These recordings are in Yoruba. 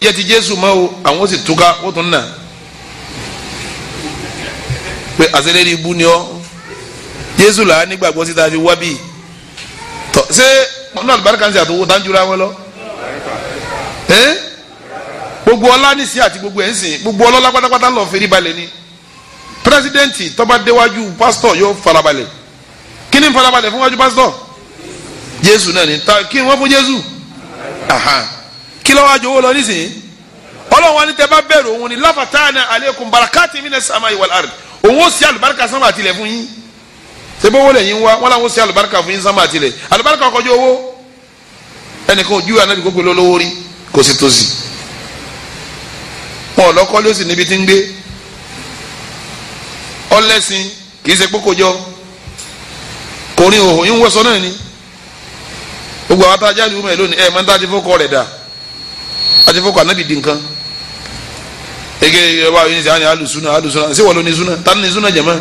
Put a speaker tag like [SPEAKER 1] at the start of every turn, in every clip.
[SPEAKER 1] yẹ ti jésù máa wo àwọn ó sì túká ó tún nà pé àṣẹlẹ́rì ibú ni ọ́ jésù là á nígbàgbọ́ síta fi wá bíi tọ́ ṣé ọ̀nà àlùbáríkà ń ṣe àtòwò tá ń jura wọn lọ gbogbo ọlá nísì àti gbogbo ẹ̀ ń sìn gbogbo ọlọ́lá pátápátá ń lọ fèrè balẹ̀ ni pírẹsidẹ́ǹtì tó bá déwájú pásítọ̀ yóò farabalẹ̀ kí ni farabalẹ̀ fún wájú pásítọ̀ jésù náà ni kí ni wọ́n fún jésù. Aha kí ló wá jowó lọ nísìnyí ọlọ́run wa ní tẹ́ bá bẹ̀rù òun ni láfàtánà aleikum barakati minas samai wal ard òun ó sì àlùbáríkà sánmà àtìlẹ̀ fún yín sebowó lẹ́yìn wa wọn làwọn ó sì àlùbáríkà fún yín sánmà àtìlẹ̀ àlùbáríkà kọjú owó ẹnìkan ò júwe gbogbo lọ́wọ́ rí kò sí wọn ò ló sì níbi tí ń gbé ọlẹ́sìn kì í ṣe kókojọ́ kò rí òhò yín wọ́sọ náà ni gbogbo àwọn tá a jáde wúmọ̀ ẹ̀ àti fọkọ anabi di nǹkan ege yorùbá yìí sàn yà alùsùnà alùsùnà ṣé wọn lọ ní sùnà tani ní sùnà jẹmọ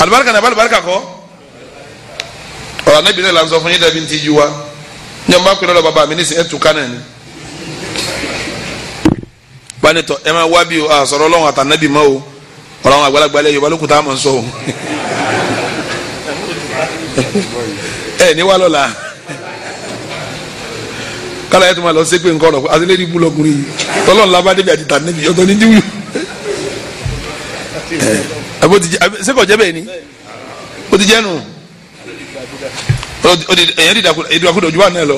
[SPEAKER 1] alibarika ní abalibarika kọ ọ̀rọ̀ anabi náà la ń sọ fún yín dàbí ntí ju wa ní ọmọ akpẹ́rẹ́ lọ bàbá mi ní sẹ́ ẹ̀tù kánà ni gbanitọ ẹ máa wá bí o àsọ̀rọ̀ ọlọ́run àtànábì mọ́ o ọ̀rọ̀ àwọn àgbàlagbà lẹ́yìn yorùbá lókùtà àmọ́ sọ o ẹ ní wà lọ́la. Kala yẹn tó máa lọ sí pé nǹkan ọ̀rọ̀ àti lẹ́ni ibú lọkùnrin yìí tọ́lọ́n labá débi àti tà níbi ọ̀tọ̀ ní díwì. àbó ti jẹ ṣé kò jẹ bẹ́ẹ̀ ni ó ti jẹ́ nù èyàn dìda ìdúrakúdà ojú wa náà lọ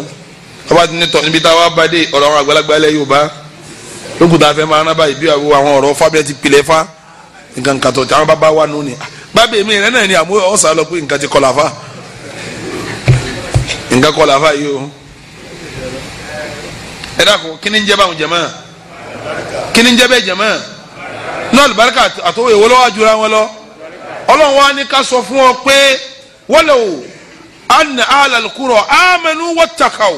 [SPEAKER 1] ọba nítọ níbi tá a wá bá dé ọ̀rọ̀ àwọn àgbàlagbà ilẹ̀ Yorùbá lókùtà fẹ́ máa ń rábà ìbí àwọn ọ̀rọ̀ fábẹ́ ti pilẹ̀ fá nǹkan kàtọ̀ tí àwọn bàbá wà nù ni bábẹ́ mi rẹ̀ náà ni àmú ọ̀sán lọ nǹkan ti kọlà nǹkan kọlà yìí o ẹ dákun kíni ń jẹ́ báwọn jẹ̀mọ́ kíni ń jẹ́ bẹ́ẹ̀ jẹ̀mọ́ náà lùbáríkà àtọwọ́ èwo lọ́wọ́ àjùra wọn lọ ọlọ́run wa ní ká sọ fún ọ pé walaw anna ahlal qura amanu wattaqaw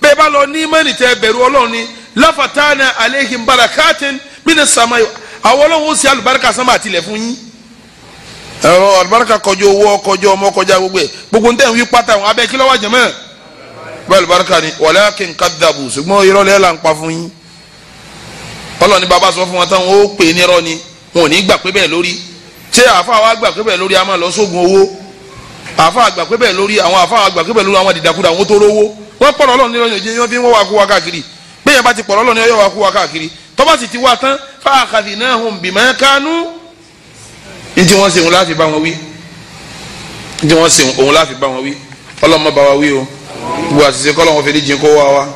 [SPEAKER 1] bẹ́ẹ̀ bá lọ ní mẹ́rin tẹ́ bẹ̀rù ọlọ́run ni lafatana aleihim barakatin minas samai àwọn ọlọ́run ó sì alùbáríkà sánmà àtìlẹ̀ fún yín ẹ̀rọ alùbáríkà kọjọ owó kọjọ ọmọ kọjá gbogbo gbogbo ń tẹ̀ pátá àwọn abẹ́ kí lọ́wọ́ àjẹmọ́ bẹ́ẹ̀ barika ni walakin kadhabu ṣùgbọ́n irọ́ lẹ́yìn là ń pa fún yín ọlọ́ni bàbá sọ fún wọn táwọn ó pè ní irọ́ ni wọn ò ní gbà pé bẹ́ẹ̀ lórí ṣé àáfàá wa gbà pé bẹ́ẹ̀ lórí a máa lọ sóògùn owó àáfàá gbà pé bẹ́ẹ̀ lórí àwọn àáfàá gbà pé bẹ́ẹ̀ lórí àwọn dìdàkudà wọn tó rówó wọn pọ̀rọ̀ ọlọ́run ní ọyàn jẹ́ wọn fi ń wá kú wa káàkiri bẹ́ẹ̀ bá ti pọ̀rọ̀ ọlọ́run ní ọyàn wá kú wa káàkiri tó bá sì ti wá tán fa'akhadhnahum bima kanu ntí wọ́n ṣe òun láfi bá wọn ọlọ́mọ bá wa wí o gbogbo àṣìṣe kọ́ lọ́wọ́ fèrè jìn kó wá wa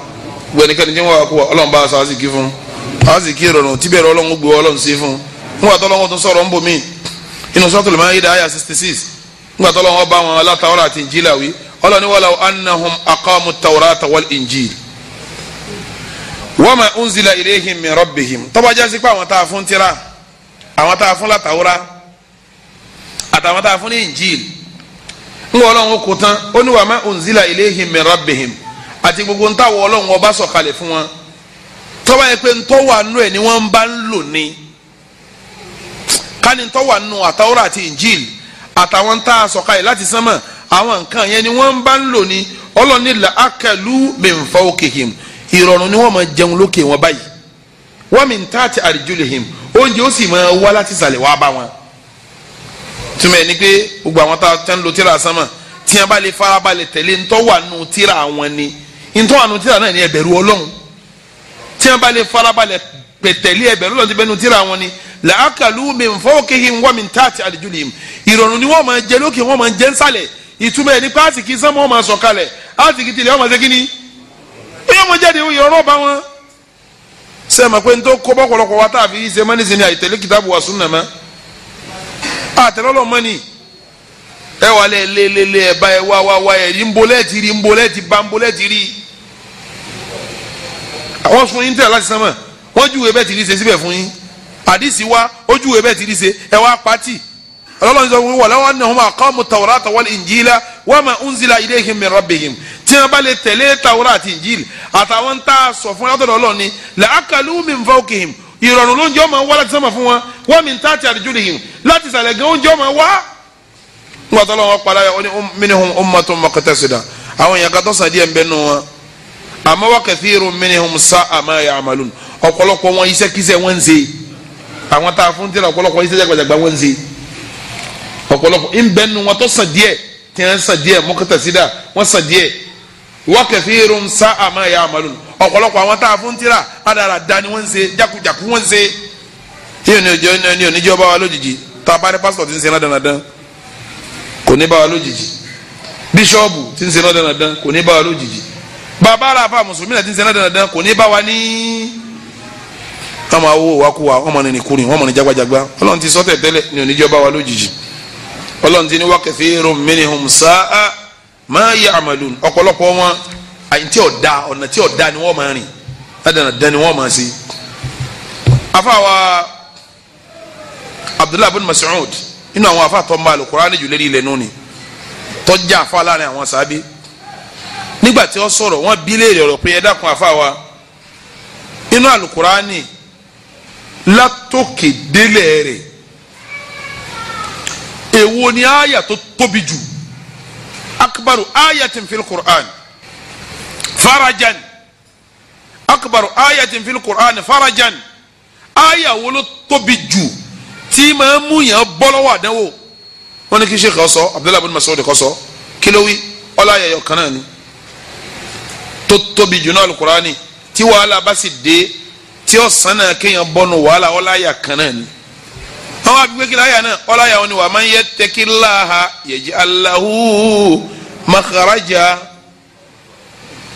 [SPEAKER 1] gbogbo ẹnikẹ́ni tí wọ́n wá kó wa ọlọ́run bá aṣọ àṣìkí fún àṣìkí ìrọ̀rùn tíbẹ̀ rẹ ọlọ́run gbé ọlọ́run sí fún nígbà tó lọ́wọ́ tó sọ̀rọ̀ ń bò mí inú sọ́tò lùmọ́ ayé dáhà sixty six nígbà tó lọ́wọ́ bá wọn alátawọ́rọ̀ àti ìjìlá wí ọlọ́ni wàlá anahum aqamu tawrata wal injil wama unzila ilayhim min rabbihim tó bá jásí pé àwọn a fún tira àwọn a fún a fún ní injil ń wọ ọlọ́run kò tán ó ní wa ma unzila ilayhim min rabbihim àti gbogbo ń táwọ ọlọ́run ọba sọ̀kalẹ̀ fún wọn tọ́wọ́ yẹ pé ntọ́wà nù ẹ̀ ni wọ́n bá ń lò ní kání ntọ́wà nù àtàwọ́rọ̀ àti injil àtàwọn tá a sọ̀kalẹ̀ láti sánmà àwọn nǹkan yẹn ni wọ́n bá ń lò ní ọlọ́run ní la akalu min fawqihim ìrọ̀rùn ni wọ́n máa jẹun lókè wọn báyìí wa min taati arjulihim oúnjẹ ó sì máa wá láti sàlẹ̀ wá bá wọn túmọ̀ ẹ̀ ni pé gbogbo àwọn tá a ń lo tíra sánmà tí a bá lè farabalẹ̀ tẹ̀lé ntọ́ wà nù tíra àwọn ni ntọ́ wà nù tíra náà ni ẹ̀bẹ̀rù ọlọ́run tí a bá lè farabalẹ̀ pẹ̀tẹ̀lé ẹ̀bẹ̀rù ọlọ́run ti bẹ́ẹ̀ nù tíra àwọn ni làákàlù mi nfọwọ́kẹ́hì wọ́n mi ntaàtì àdìjúlì mi ìrọ̀rùn ni wọ́n máa jẹ lókè wọ́n máa jẹ nsàlẹ̀ ìtumọ̀ ẹ̀ ni pé àtìkì sánmọ́ máa sọ̀ kalẹ̀ àtìkì tilẹ̀ wọ́n máa a fi ṣe mọ́nísìn àtẹlọ́lọ́ ah, ẹ wà ẹ bá ẹ wá wá wá ẹ rí rí bá rí àwọn fún yín tẹ̀ láti sánmọ̀ wọ́n bẹ́ẹ̀ ti rí síbẹ̀ fún yín àdìsí wa ó bẹ́ẹ̀ ti rí ẹ wá ọlọ́run sọ wọn nàá wọ́n ń zila tí wọ́n bá lè tẹ̀lé àti àtàwọn tá a sọ fún yàtọ̀ ìrọ̀rùn ló ń jọ́ máa wá láti sánmà fún wọn wọ́n mi ń tà àti àdìjú nìyí láti sàlẹ̀ gan oúnjẹ máa wá. nígbà tó lọ́wọ́ padà yọ ní um, minhum ummatun muqtasida àwọn èèyàn kan tó sàn díẹ̀ ń bẹ́ nù wọn. àmọ́ wa kathirun minhum sa'a ma ya'malun ọ̀pọ̀lọpọ̀ wọn iṣẹ́ kíṣẹ́ wọn ń ṣe àwọn tá a fún tíra ọ̀pọ̀lọpọ̀ iṣẹ́ wa kathirun sa'a ma ya'malun ọ̀pọ̀lọpọ̀ àwọn tá a fún tíra rádaràda ni wọ́n ń ṣe jákujàku wọ́n ń ṣe tí ò ní ọjọ́ ní oníjọ́ bá wa lójijì tá a bá rí pásítọ̀ tí ń ṣe rádaràdan kò ní bá wa lójijì bíṣọ́ọ̀bù tí ń ṣe rádaràdan kò ní bá wa lójijì bàbá àràfà mùsùlùmí náà tí ń ṣe rádaràdan kò ní bá wa ní. káwọn awo wakuwa wọn mọ ní kúrin wọn mọ ní jagbajagba ọlọ́run ti sọ tẹ̀tẹ́lẹ̀ ní oníjọ́ bá wa lójijì ọlọ́run ti ní wa kathirun minhum àyìntí ọ̀dà ọ̀nà tí ọ̀dà ni wọ́n máa rìn dáadáa ni wọ́n máa ṣe. afáwa abdullahi bin mas'ud inú àwọn afa tó ń bá alukurani jù lérí ilẹ̀ nùní tọ́jà afa láàrin àwọn sábẹ́ nígbà tí ó sọ̀rọ̀ wọ́n bí léèrè ọ̀rọ̀ pé ẹ dákun afa wa inú alukurani látòkè délẹ̀ rẹ̀ èwo ni àyà tó tóbi jù akbaru ayatin fil Qur'an farajan akbar ayatin fil qur'an farajan aya wo ló tóbi jù tí máa mú yàn bọ́ lọ́wọ́ àdánwò wọn ní kí sheikh ọsọ abdullahi bin masoud kọsọ kí ló wí ọlá ayẹyẹ kan náà ni tó tóbi jù náà alukurani tí wàhálà bá sì dé tí ó sàn náà kéèyàn bọ́nu wàhálà ọlá ni àwọn agbègbè kí láyà náà ọlá ayẹyẹ wọn ni wà á máa ń makaraja.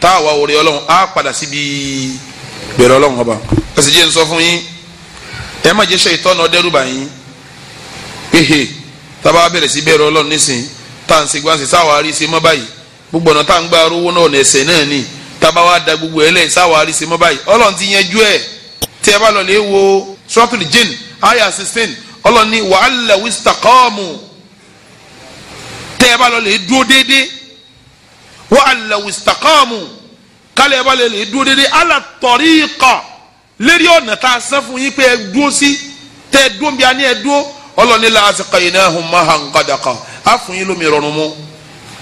[SPEAKER 1] tá a wá orí a á padà síbi bẹ̀rẹ̀ ọlọ́run ọba ẹsẹ̀ jẹ́ n sọ fún yín ẹ má jẹ́ ṣe ìtọ́nà ọdẹ́rùbà yín hehe tábà bẹ̀rẹ̀ sí bẹ̀rẹ̀ ọlọ́run nísìn tá à ń segbọ́n sí sáwọ́ àárí sí mọ́ báyìí gbogbo ọ̀nà tá à ń gba rówó náà ẹ̀sẹ̀ náà ni tábà wá da gbogbo ẹlẹ́ sáwọ́ àárí sí mọ́ báyìí ọlọ́run ti yanjú ẹ̀ tí ẹ bá lọ lè wo suratul jin aya sixteen ọlọ́run ni wàhálà wíṣítà kọ́ọ̀mù tẹ́ ẹ bá lọ lè dúró déédéé wa alawu istakamu kálẹ̀ bá lè lè dúró dédé ala tariqa lérí ọ̀nà tá a sẹ́ fún yín pé ẹ dúró sí tẹ́ ẹ dúró bí a ní ẹ dúró ọlọ́ni la asqaynahum mahan ghadaqa á fún yín lómi rọrùn mu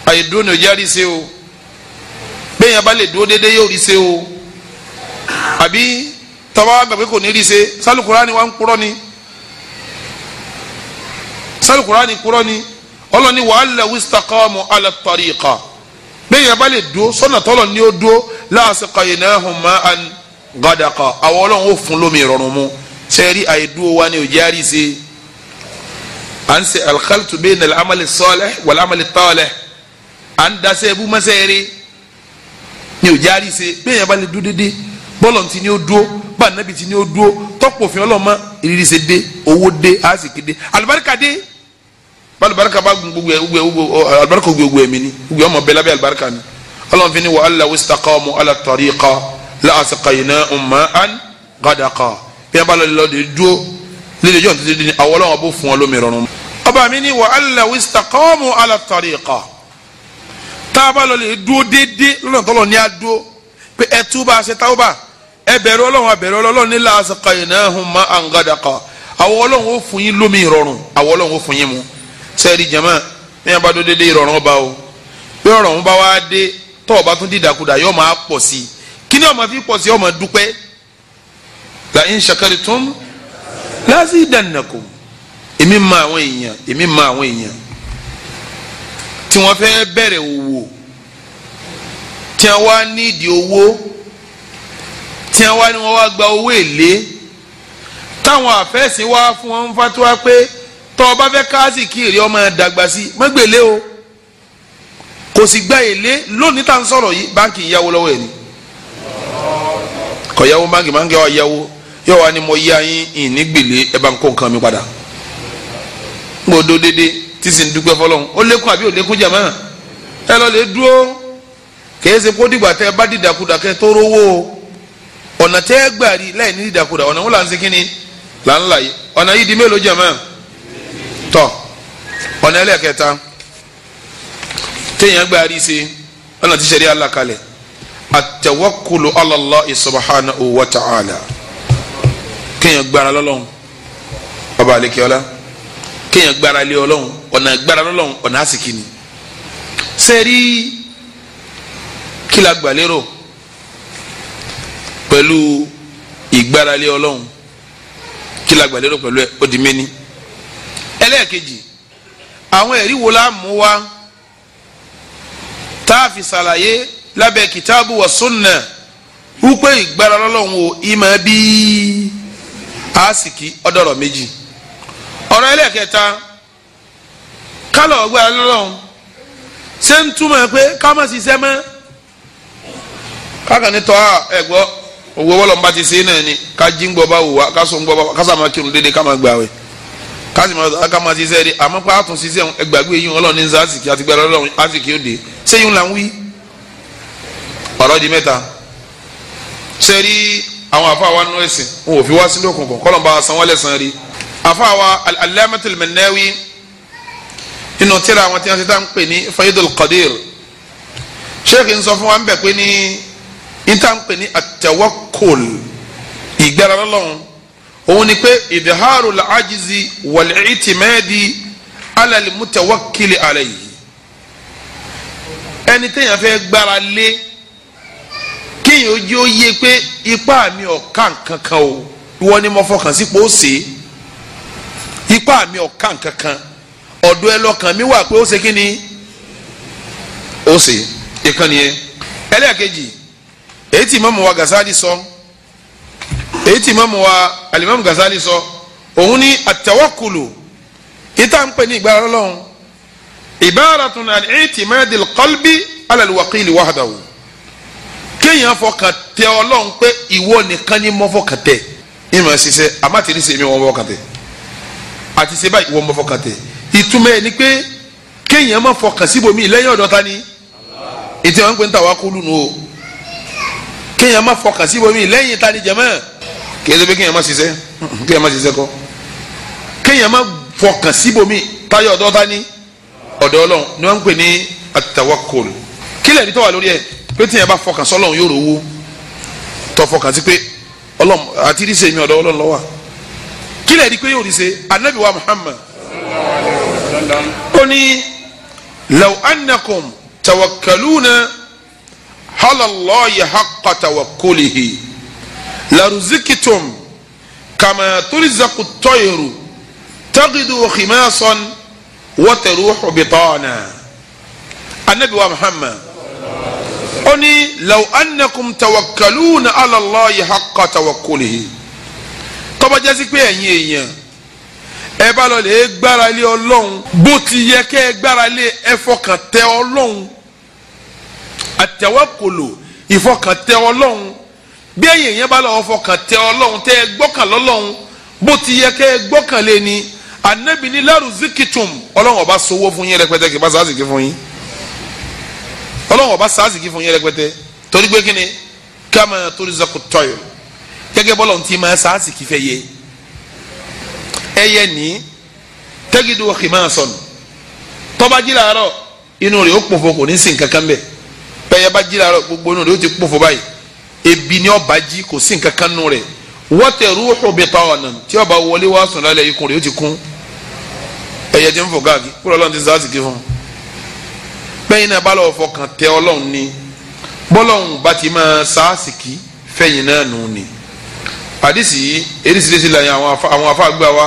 [SPEAKER 1] àyè dúró ní ojú àríṣe o bẹ́ẹ̀ yẹn bá lè dúró dédé yóò ríṣe o àbí tọ́wọ́ gbàgbé kò ní ríṣe sálùkùrá ni wà ń kúrọ́ ni sálùkùrá ni kúrọ́ ni ọlọ́ni wa alawu istakamu ala tariqa bẹ́ẹ̀ yẹn bá lè dúró sọ́nà tọ́lọ̀ ni ó dúró la'asqaynahum ma'an ghadaqa àwọn ọlọ́run ó fún lómi ìrọ̀rùn mu sẹ́ẹ̀rí àìdúró wa ni ò jẹ́ àríṣe à ń ṣe al-khaltu bayna al-amali salih wal-amali talih à ń dasẹ́ ẹbú mọ́sẹ́ẹ̀rí ni ò jẹ́ àríṣe bẹ́ẹ̀ yẹn bá lè dúró dédé bọ́lọ̀ ti ni ó dúró bá nàbì ti ni ó dúró tọ́pọ̀ òfin ọlọ́mọ balibarika bá gbogbo ẹ gbogbo alibarika gbogbo ẹ mi ni gbogbo ọmọ bẹẹ labẹ alibarika ni Ọlọ́run fi ni wa ala wistaqamu ala tariqa la asqaynahum ma'an ghadaqa bí wọn bá lọ de dúró lílẹ jọ títí ní àwọn Ọlọ́run bó fún ọ lómi rọrùn. ọba mi ni wa ala wistaqamu ala tariqa tá a bá lọ lè dúró déédéé lọ́nà a dúró pé ẹ túbà ṣe táwọ́bà ẹ bẹ̀rù Ọlọ́run la asqaynahum ma'an ghadaqa àwọn Ọlọ́run ó fún yín lómi rọrùn àwọn Ọlọ́run ó fún mu sẹ́ẹ̀rì jama ní yàrá bá dó dédé ìrọ̀rùn ọba o bí ọ̀rọ̀ ń bá wá dé tọ́ ọba tún dìdàkudà yóò máa pọ̀ sí i kí ni ó fi pọ̀ sí ó dúpẹ́ la in shakartum lazidannakum èmi ma àwọn èèyàn èmi ma àwọn èèyàn tí wọ́n fẹ́ bẹ̀rẹ̀ òwò tí wọ́n wá nídìí owó tí wọ́n wá ní wọ́n wá gba owó èlé táwọn àfẹ́sìn wá fún wọn fatuwa pé tọ́ ọ bá fẹ́ káàsì kí èrè ọmọ dàgbà sí mọ́gbèlé o kò sì gba èlé lónìí tá à ń sọ̀rọ̀ yìí báńkì ìyàwó lọ́wọ́ ẹ̀ ni kọ̀yàwó báńkì máa ń kẹ́wàá yàwó yóò wá ní mo yá yín ìní gbèlé ẹ bá ń kó nǹkan mi padà ń gbọ́dọ̀ dédé tí sì ń dúpẹ́ fọlọ́run ó lékún àbí ò lékún jàmọ́ ẹ lọ lè dúró kèé ṣe kó dìgbà tẹ bá dìdàkudà kẹ tó rówó ọ̀nà tẹ́ gbà rí láì ní dìdàkudà ọ̀nà wọn là ń ṣe kí ni là ń là yìí ọ̀nà yìí di mélòó jàmọ́ tọ ọ̀nà ẹlẹ́ẹ̀kẹta téèyàn gba àrí ṣe ọ̀nà tí sẹ́rí alákalẹ̀ àtẹ̀wọ́kùlù ala Allahi subhanahu wa ta'ala kéèyàn gbára lọ́lọ́run ọba àlekèọ́lá kéèyàn gbára lé ọlọ́run ọ̀nà gbára lọ́lọ́run ọ̀nà àsìkì sẹ́rí kí la gbà lérò pẹ̀lú ìgbára lé kí la gbà lérò pẹ̀lú ẹ̀ ó di méní ẹlẹ́ẹ̀kejì àwọn ẹ̀rí wo la mú wa tá a fi ṣàlàyé lábẹ́ kìtàbù wà súnà wípé ìgbára lọ́lọ́run o ìmọ̀ bí àásìkí ọ̀dọ̀rọ̀ méjì ọ̀rọ̀ ẹlẹ́ẹ̀kẹta kálọ̀ ọgbà lọ́lọ́run ṣé ń túmọ̀ pé ká má ṣiṣẹ́ mọ́ kákan ní tọ́ a ẹ̀gbọ́ owó wọ́lọ́mbà ti ṣe é náà ni ká jí ń gbọ́ bá wò wá ká sọ ń gbọ́ bá wá ká sàmà kírun déédéé ká má gbà wẹ̀ káàsì máa sọ ká máa ṣiṣẹ́ rí àmọ́ pé àtún ṣiṣẹ́ ń ẹgbàgbé yín ọlọ́run ní sásìkì àti gbàdúrà ọlọ́run àsìkì òde sẹ́yìn là ń wí ọ̀rọ̀ di mẹ́ta ṣe rí àwọn àfáàwa nínú ẹ̀sìn wọn ò fi wá sílẹ̀ òkùnkùn kọ́lọ̀ bá san wọ́n lẹ́sàn rí àfáàwa al-Allamatul Mannawi tíra àwọn tí wọ́n ti tá ń pè ní Faidul Qadir sheikh ń sọ fún wa ń bẹ̀ pé ní ìta ń pè ní at-tawakkul ìgbẹ́ra òun ni pé ìdíhàrú làájìzì wàlẹ̀ ìtìmẹ́ẹ̀dì alàlì mùtẹ̀wọ́kìlì àlẹ́ yìí ẹni téèyàn fẹ́ gbára lé kéèyàn ojú ó yé pé ipá mi ọ̀ka nǹkan kan o ìwọ ni mo fọkàn sí pé ó ṣe ipá mi ọ̀ka nǹkan kan ọ̀dọ̀ ẹ lọ́kàn mi wà pé ó ṣe kí ni ó ṣe ìkànnì yẹn ẹlẹ́ẹ̀kejì èyí tí mọ́mọ́ wa Gazali sọ. So, èyí tí imaamu wa alimami gazali sọ òun ní atawakulu ìta ń pè ní ìgbà ọlọ́run ibaratun an i'timadi al-qalbi ala al-waqili wahdahu kéèyàn fọkàn tẹ ọlọ́run pé ìwọ nìkan ni mo fọkàn tẹ ìmọ̀ ṣiṣẹ́ àmọ́ àti ìrísí mi wọ́n fọkàn tẹ àti ṣe báyìí wọ́n mọ fọkàn tẹ ìtumọ̀ ẹ̀ ni pé kéèyàn má fọkàn síbòmí lẹ́yìn ọ̀dọ̀ ta ni ìtì wọn ń pè ní tawakulu nù o kéèyàn má fọkàn síbòmí lẹ́yìn ta ni jẹ̀mọ́ kì í ṣe pé kéèyàn má ṣiṣẹ́ kéèyàn má ṣiṣẹ́ kọ́ kéèyàn má fọkàn síbòmí táyọ̀ ọ̀dọ́ ta ní ọ̀dọ́ ọlọ́run ni wọ́n ń pè ní àtàwákòlù kílẹ̀ ní tọ́wà lórí ẹ̀ pé tíyẹn bá fọkàn sọ́lọ́run yóò rówó tọ́ fọkàn sí pé ọlọ́run àti rí sèmi ọ̀dọ́ ọlọ́run lọ́wọ́ kílẹ̀ ní pé yóò rí se anabi wa Muhammad ó ní law annakum tawakkaluna halallahi haqqa tawakkulihi laruzikitum kama turizaku tọyiru tagidu khimasan wataruhu bitana anabi wa muhammad ó ní law annakum tawakkaluna ala allahi haqqa tawakkulihi tó bá jẹ́ sí pé ẹ̀yin èèyàn ẹ bá lọ lè gbára lé ọlọ́run bó ti yẹ kẹ́ ẹ gbára lé ẹ fọkàn tẹ bí ẹ̀yin yẹn bá lọ́wọ́ fọkàn tẹ ọlọ́run tẹ gbọ́kàn lọ́lọ́run bó ti yẹ kẹ́ gbọ́kàn lé ni anabi ni lẹ́rù zikitum ọlọ́run ọba sowó fún yín rẹpẹtẹ kì í bá sàásìkì fún yín ọlọ́run ọba sàásìkì fún yín rẹpẹtẹ torí pé kíni kama torí zakut tọ́yọ̀ gẹ́gẹ́ bọ́lọ̀ ti máa sàásìkì fẹ́ yé ẹyẹ ní tẹ́gídù ọ̀kìmá sọnù tọ́ba jí làárọ̀ inú rẹ̀ ó pòfo kò ní sìn kankan bẹ́ẹ̀ bẹ́ẹ̀ yẹ bá jí làárọ̀ gbogbo inú rẹ̀ ó ti pòfo báyìí ebi ni ọba jí kò sí nǹkan kan nù rẹ̀ wọ́tẹ̀ rúhù bí ta ọ̀nà tí ọba wọlé wá sùn lálẹ́ ikùn rẹ̀ ó ti kún ẹ̀yẹ ti ń fò káàkiri kúrò ọlọ́run ti sáà sì kí fún un bẹ́yìn náà bá lọ́wọ́ fọkàn tẹ ọlọ́run ni bọ́lọ́run bá ti máa sáà sì kí fẹ́yìn náà nù ni àdìsí eríṣiríṣi làyìn àwọn afáàgbà wa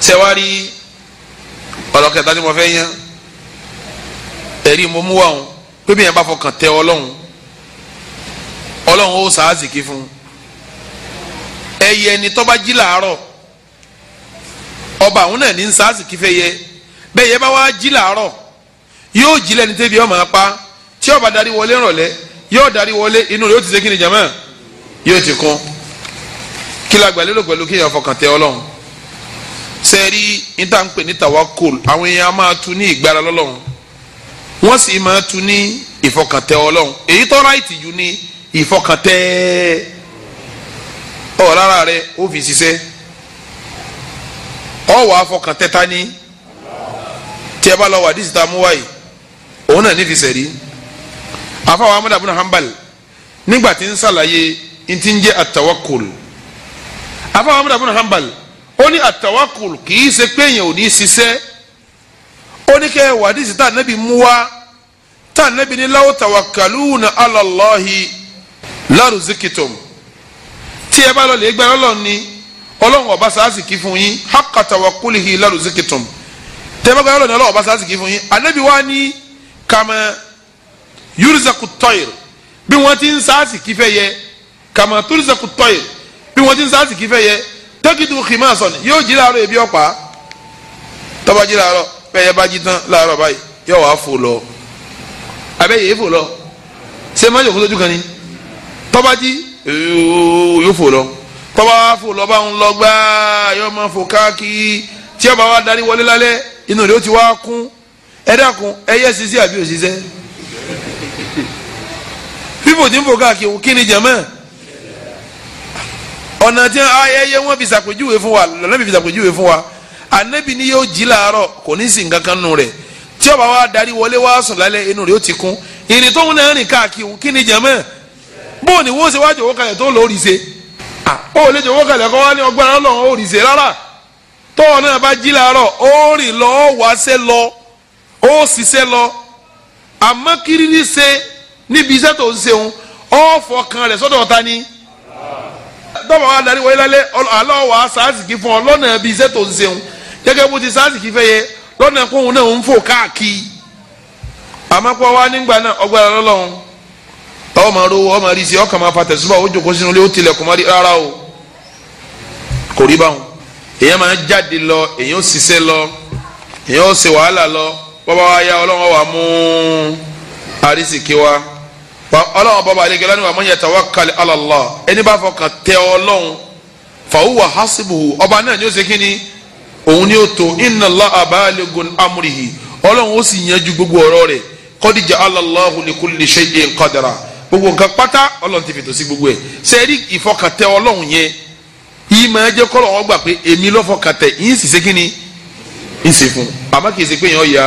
[SPEAKER 1] sẹ́wárí ọ̀rọ̀ kẹta ni mo fẹ́ yẹn ẹ̀rí mo mú wa òun pé bí yẹn bá fọkàn tẹ ọlọ́run ọlọ́run ó sàásìkí fún ẹyẹ ni tọ́ba jí làárọ̀ ọba àwọn náà ní sàásìkí fẹ́ bẹ́ẹ̀ yẹ bá wá jí làárọ̀ yóò jí lẹ́ni tẹ́bi ọmọ apá tí ọba darí wọlé rọ̀lẹ́ yóò darí wọlé inú rẹ̀ yóò ti ṣe kíni jama yóò ti kún kí la pẹ̀lú kí fọkàn tẹ ọlọ́run sẹ́ẹ̀rí níta ń pè ní tawakol àwọn èèyàn máa tu ní ìgbára lọ́lọ́run wọ́n sì máa ní ọlọ́run èyí ráìtì jù ní ìfọkàntẹ́ ọ̀ rárá rẹ ó fi ṣiṣẹ́ ọ̀ wà fọkàntẹ́ ta ni tí ẹ bá lọ wà dísì tá a mú wáyé òun náà ní fi sẹ̀rí afáwọn amúdà bùnà hanbal nígbà tí ń sàlàyé n ti ń jẹ́ àtàwákùl afáwọn amúdà bùnà hanbal ó ní àtàwákùl kì ṣe pé èèyàn ò ní ṣiṣẹ́ ó ní kẹ́ ẹ wà dísì tá nẹ́bi mú wá tá nẹ́bi ní láwọ́ tàwákàlù ní alàlọ́hìí lọ́rùn zikitom tí ẹ bá lọ lè gbẹ ọlọ́run ni ọlọ́run ọba sàásìkì fún yín hakatawa kúlìhì lọ́rùn zikitom tí ẹ bá gbẹ ọlọ́run ni ọlọ́run ọba sàásìkì fún yín anabi wa ni kàmá yurizaku tọ́yìr bí wọ́n ti ń sàásìkì fẹ́ yẹ kàmá turizaku tọ́yìr bí wọ́n ti ń sàásìkì fẹ́ yẹ tẹ́kìtù kìmásọ̀nì yóò jí láàárọ̀ ebi ọ̀pá tọ́ba jí láàárọ̀ bẹ́ẹ̀ bá jí tán láàárọ̀ báyìí yóò wá fò lọ abẹ́yẹ fò lọ ṣé má jòkó lójú kan ni tọ́ba jí yóò fò lọ tọ́ba fò lọ bá ń lọ gbá yóò máa fò káàkiri tí ọba wa darí wọlé lálẹ́ inú rẹ̀ ó ti wá kún ẹ dákun ẹ yẹ ṣiṣẹ́ àbí òṣìṣẹ́ fífò tí ń fò káàkiri kí ni jẹ̀mọ́ ọ̀nà tí ayẹyẹ wọn fi ṣàpèjúwe fún wa lọ́nà fi ṣàpèjúwe fún wa anabi ni yóò jí làárọ̀ kò ní sí nǹkan kan nù rẹ̀ tí ọba wa darí wọlé wá sùn lálẹ́ inú rẹ̀ ó ti kún ìrìn tó ń rìn káàkiri kí ni jẹ̀mọ́ bó wọ́n ṣe wá jòwó kalẹ̀ tó lórí ṣe ó lè jòwó kalẹ̀ kọ́ wá ní ọgbà náà ó rì ṣe náà bá jí làárọ̀ ó lọ ó lọ ó ṣiṣẹ́ lọ àmọ́ kiriri ṣe níbi iṣẹ́ tó ń ṣeun ó fọkàn rẹ̀ sọ́dọ̀ ta ni wa darí wọlé lálẹ́ àlọ́ wa sàásìkì fún ọ lọ́nà iṣẹ́ tó ń ṣeun gẹ́gẹ́ bó ti sàásìkì fẹ́ yẹ lọ́nà ọ ma ro ọ ma rí sí ọ kà máa fa tẹ̀síwá ó jókòó sínú ilé ó tilẹ̀ kò má rí rárá o kò rí báwọn èèyàn máa jáde lọ èèyàn ó ṣiṣẹ́ lọ èèyàn ó ṣe wàhálà lọ bọ́bá wa ya ọlọ́run wà mú àrísìkí wa ọlọ́run bọ́bá àlejò lánàá wàmú yẹ tawakkal ala Allah ẹni bá fọkàn tẹ ọlọ́run fàwùwà hasibuhu ọba náà ni ó ṣe kí ni òun ni ó tó inna Allaha baligun amrihi ọlọ́run ó sì yanjú gbogbo ọ̀rọ̀ rẹ̀ qad ja'ala Allahu li kulli shay'in qadara gbogbo nǹkan pátá ọlọ́run ti fètò sí gbogbo ẹ̀ sẹ́ẹ̀rí ìfọkàntẹ ọlọ́run yẹn yìí máa jẹ́ kọ́ lọ́wọ́ gbà pé èmi lọ́fọkàntẹ yìí sì ṣe kí ni ń ṣe fún àmọ́ kì í ṣe pé èèyàn ya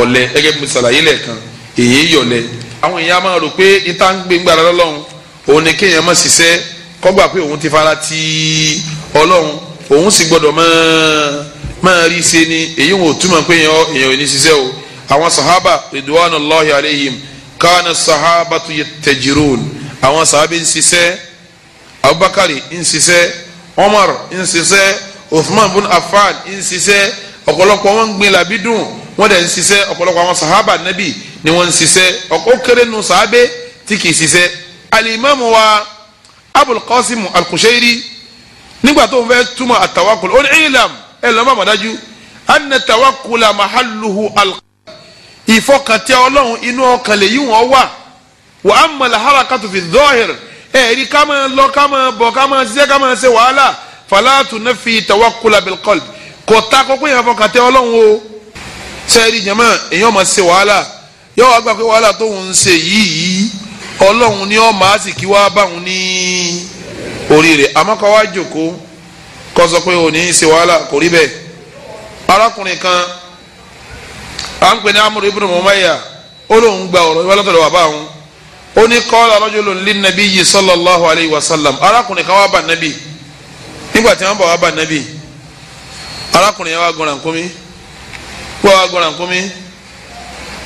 [SPEAKER 1] ọ̀lẹ gẹ́gẹ́ bí mo ṣàlàyé lẹ́ẹ̀kan èèyàn yọ̀lẹ àwọn èèyàn máa rò pé níta ń gbé gbàrà lọ́lọ́run òun ni kéèyàn máa ṣiṣẹ́ kọ́ gbà pé òun ti fara ti ọlọ́run òun sì gbọ́dọ̀ máa máa rí ṣe ni èyí wọn ò túmọ̀ pé èèyàn èèyàn ò ní ṣiṣẹ́ o àwọn sàhábà ridwanullahi alayhim kana sahabatu yattajirun àwọn sahabi ń ṣiṣẹ́ abubakar ń ṣiṣẹ́ umar ń ṣiṣẹ́ uthman bin affan ń ṣiṣẹ́ ọ̀pọ̀lọpọ̀ wọn ń gbin làbídùn wọn dẹ̀ ń ṣiṣẹ́ ọ̀pọ̀lọpọ̀ àwọn sahaba nabi ni wọ́n ń ṣiṣẹ́ ọ̀pọ̀ kéré nu sahabe tí kì í ṣiṣẹ́ alimami wa abul qasim al nígbà tó ń fẹ́ túmọ̀ àtàwákùl ó ní lọ́mọ́ àmọ̀dájú anna tawakula mahalluhu alqa ìfọkàntẹ ọlọ́run inú ọkàn lè yí wọn wà wà á mọ̀lá harakatu fi zọ́hìr ẹ̀rí ká máa lọ ká máa bọ̀ ká máa ṣiṣẹ́ ká máa ṣe wàhálà falatu ne fi tawakula bilkọl kò ta kó pé ìfọkàntẹ ọlọ́run o sẹ́ẹ̀rí jama èèyàn máa ṣe wàhálà yóò wá gbà pé wàhálà tóun ń ṣe yìí ọlọ́run ni ọ́ máa sì kí wá báwọn ní orí rẹ̀ àmọ́ kọ́ jòkó kọ́ pé òní ṣe wàhálà kò rí bẹ́ẹ̀ arákùnrin kan à ń pè ní amúrú ibùdó mọ̀máyà ó lóun gba ọ̀rọ̀ ìwà látọ̀dọ̀ bàbá òun ó ní kọ́lá rajulun lin nabiyyi sallallahu alayhi wa sallam arákùnrin kan wá bá nàbí nígbà tí wọ́n bọ̀ wá bá nàbí arákùnrin yẹn wá gbọ́n rànkúmí wọ́n wá gbọ́n rànkúmí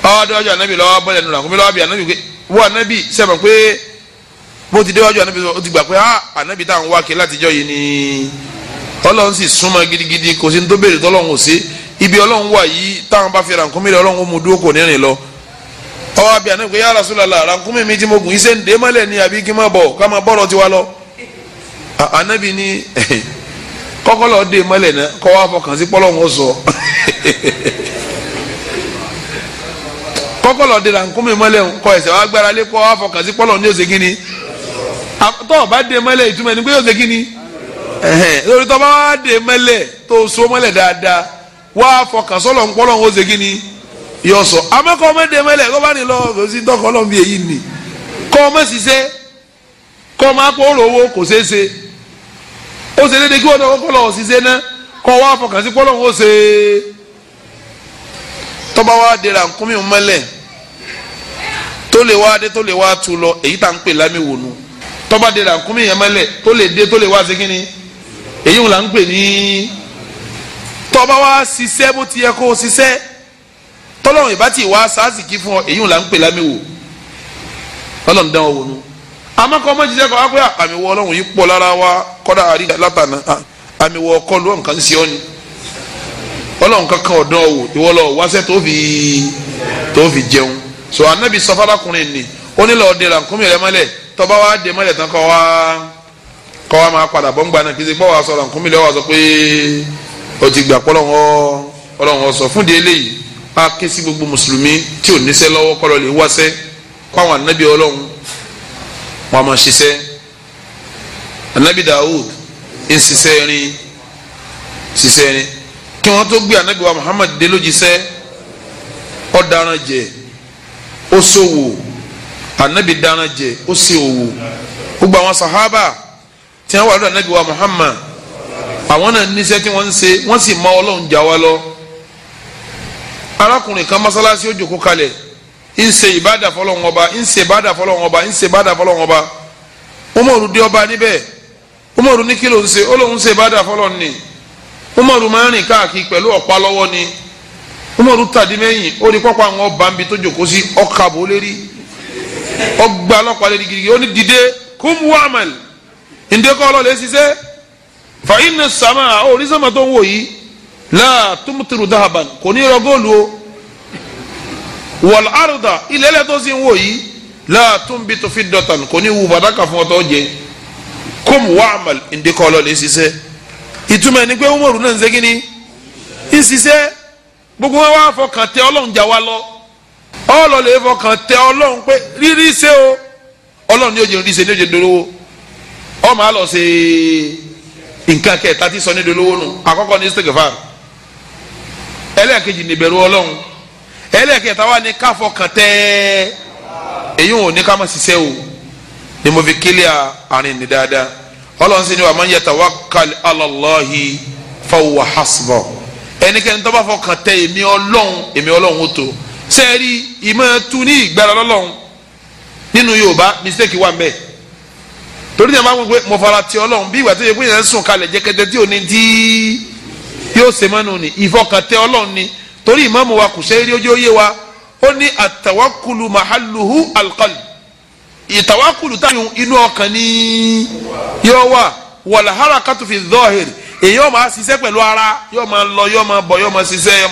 [SPEAKER 1] ọ́ dọ́jọ́ ànábì lọ́wọ́ bọ́lẹ̀ nù rànkúmí lọ́wọ́ bí ànábì pé wọ́n ànábì sẹ́mi pé bó ti déwájú ànábì ó ti gbà pé ah ànábì táwọn wá kí látijọ́ yìí ni ọlọ́run sì súnmọ́ gidigidi kò sí ní tó béèrè tọ́lọ́run ò sí ibi ọlọ́run wà yìí táwọn bá fi rànkúnmí rẹ ọlọ́run mu dúró kò ní rìn lọ. ọwọ́ abẹ́ àná pé ya Rasulullah rànkúnmí mi ti mo gùn iṣẹ́ ń dé mọ́lẹ̀ ni àbí kí n má bọ̀ ká má bọ́rọ̀ tiwa lọ. ànábì ni kọ́kọ́ lọ dé mọ́lẹ̀ náà kọ́ wá fọkàn sí pọ́lọ́hún ó sọ. kọ́kọ́ lọ dé rànkúnmí mọ́lẹ̀ kọ́ ẹ̀sẹ̀ wá gbára lé kọ́ wá fọkàn sí pọ́lọ́hún ní òsè kíni tọ́ dé mọ́lẹ̀ ìtumọ̀ ẹni pé òsè kíni lórí tọ́ bá dé mọ́lẹ̀ tó so mọ́lẹ̀ dáadáa wá fọkàn sọlọ ńpọlọ ńwó segin ni yọ sọ amẹkọ ọmọdé mẹlẹ kọ bá ní lọ kò sí tọkọ lọ bí èyí ni kọ ọmọ ṣiṣẹ́ kọ ọmọ akpọ òrówó kò ṣeé ó ṣe déédéé kí wọn náà lọ ṣiṣẹ́ náà kọ wá fọkàn sí pọlọ ńwó ṣe tọba wa dira nkúmi mẹlẹ tó lè wá dé tó lè wá tu lọ èyí tá à ń pè lámì wònú tọba dira nkúmi mẹlẹ tó lè dé tó lè wá segin ni èyí wọn là ń pè ní tọ́ba wa ṣiṣẹ́ bó ti yẹ kó o ṣiṣẹ́ tọ́lọ́run ìbá tí ìwà sásìkí fún ọ èyí ò là ń pè lámìwò ọlọ́run dán ọ wò nu àmọ́ kọ́ ọmọ jíjẹ́ kọ́ wá pé àmì wọ ọlọ́run yìí pọ̀ lára wa kọ́dà àrí látànà àmì wọ ọkọ ló nǹkan ṣe ni ọlọ́run kankan ọ̀dán ọ wò ìwọ lọ wáṣẹ́ tó fi tó fi jẹun so anabi sọfarakunrin ni ó nílò ọdẹ làǹkúmí rẹ mọ́lẹ̀ tọ́ba wa dé mọ́lẹ̀ tán kọ́ wa kọ́ wa máa padà bọ́ ń gbaná kí ó ti gbà pọ́lọ́wọ́ ọlọ́wọ́ sọ fún di eléyìí á ké sí gbogbo mùsùlùmí tí ò níṣẹ́ lọ́wọ́ kọ́lọ́ lè wáṣẹ́ kó àwọn ànábì ọlọ́run wọn a máa ṣiṣẹ́ ànábì Dawud ń ṣiṣẹ́ rin ṣiṣẹ́ rin kí wọ́n tó gbé ànábì wa Muhammad dé lójíṣẹ́ ó dáran jẹ ó ṣòwò ànábì dáran jẹ ó ṣe òwò gbogbo àwọn sàhábà tí wọ́n wà lọ́dọ̀ ànábì wa Muhammad àwọn náà níṣẹ́ tí wọ́n ń ṣe wọ́n sì mọ ọlọ́run jà wá lọ arákùnrin kan mọ́sálásí ó jókòó kalẹ̀ ń ṣe ìbádà fọlọ́run ọba ń ṣe ìbádà fọlọ́run ọba ń ṣe ìbádà fọlọ́run ọba umaru dé ọba níbẹ̀ umaru ní kí ló ń ṣe ó lóun ṣe ìbádà fọlọ́run ni umaru máa ń rìn káàkiri pẹ̀lú ọ̀pá lọ́wọ́ ni umaru tàdí mẹ́yìn ó rí pápá àwọn ọba ń bi tó jókòó sí ọkàbó lérí ọgbà ọlọ́pàá lérí gidigidi ó ní dìde kúmù ǹdẹ́kọ́ ọlọ́lẹ̀ ṣiṣẹ́ fa iná sàmà orí sàmà tó ń wò yìí láà tómùtìrù dáhàbàn kò ní rọ góòlù o wọ̀l àrùdà ilẹ̀ ẹlẹ́ tó sì ń wò yìí láà tómbi tó fi dọ̀tàn kò ní wù bàdákà fún ọtọ́ jẹ kóm wàhámàl ndekọ́ lọ lè ṣiṣẹ́ ìtumọ̀ ẹni pé umaru náà ń ṣe kíni ń ṣiṣẹ́ gbogbo wọn wá fọkàn tẹ ọlọ́run jà wá lọ ọlọ́ lè fọkàn tẹ ọlọ́run pé rírí ṣe o ọlọ́run ní òjò ríṣe ní òjò dòrò ọmọ àlọ́ ṣe é. nǹkan kẹta ti sọ ní dolówó nù àkọ́kọ́ ní istigfar ẹlẹ́ẹ̀kejì ní bẹ̀rù ọlọ́run ẹlẹ́ẹ̀kẹta wà ní káfọ́ kàtẹ́ èyí ò ní ká má ṣiṣẹ́ o ni mo fi kílíà àárín ní dáadáa ọlọ́run sì ni wà man yatawakkal ala Allahi fahuwa hasbuh ẹnikẹ́ni tó bá fọ́ kàtẹ́ èmi ọlọ́run èmi ọlọ́run ó tó sẹ́ẹ̀rí ìmọ̀ tún ní ìgbàlá nínú Yorùbá mistake wà ń torí ní a máa ń gbé mọ̀fara ti ọlọ́run bí ìgbà tó yẹ kó yẹn sùn kalẹ̀ jẹ́kẹ́tẹ́ tí ò ní tí yóò ṣe mọ́nu ni ìfọkàntẹ́ ọlọ́run ni torí ìmáàmù wa kò ṣe rí ojú ó yé wa ó ní àtàwákùlù màhálùhù alqalb ìtàwákùlù táyùn inú ọkàn ni yóò wà wàlàhárà kàtúfì zọ́hìr èyí yóò máa ṣiṣẹ́ pẹ̀lú ara yóò máa lọ yóò máa bọ̀ yóò máa ṣiṣẹ́ yóò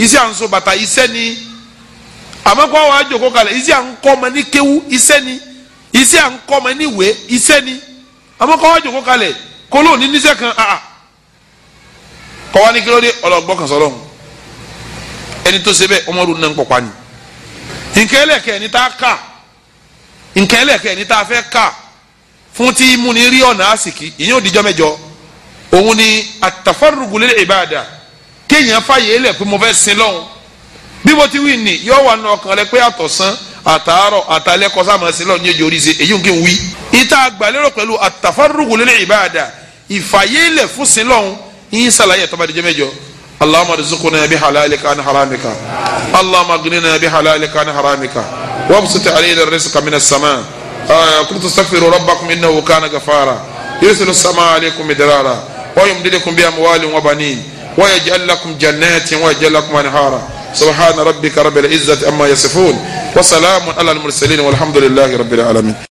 [SPEAKER 1] iṣẹ́ à ń so bàtà ni àmọ́ kó àwọn àjòkó kalẹ̀ iṣẹ́ à ń kọ́ ni ní kéwú ni iṣẹ́ à ń kọ́ ọmọ ní ìwé ni àmọ́ kó àwọn àjòkó kalẹ̀ kó lóò ní níṣẹ́ kan àà kọ́ wá ní kí ló dé ọlọ́gbọ́n kan sọ́lọ́hún ẹni tó ṣe bẹ́ẹ̀ ọmọdún náà ni tá a kà nǹkan ni tá a fẹ́ kà fún tí múni rí ọ̀nà àsìkí ìyẹn òdìjọ́ mẹ́jọ òun ni àtàfàrùgùn lé ìbáàdà kéèyàn fàyè lẹ̀ pé mo fẹ́ sin lọ́hùn bí mo ti wí ni yóò wà nù ọkàn rẹ pé àtọ̀sán àtàárọ̀ àtàlẹ́ kọsá máa sin lọ́hùn ní ojú oríṣi èyí ń kí n wí. ìta àgbàlérò pẹ̀lú àtàfárúgù lélẹ̀ ìbáàdà ìfàyè lẹ̀ fún sin lọ́hùn yín sàlàyé tó bá di jẹ́ mẹ́jọ. اللهم ارزقنا بحلالك عن حرامك اللهم اغننا بحلالك عن حرامك وابسط علينا الرزق من السماء آه كنت تستغفروا ربكم انه كان غفارا يرسل السماء عليكم مدرارا ويمددكم باموال وبنين ويجعل لكم جنات ويجعل لكم أنهارا سبحان ربك رب العزة أما يصفون وسلام على المرسلين والحمد لله رب العالمين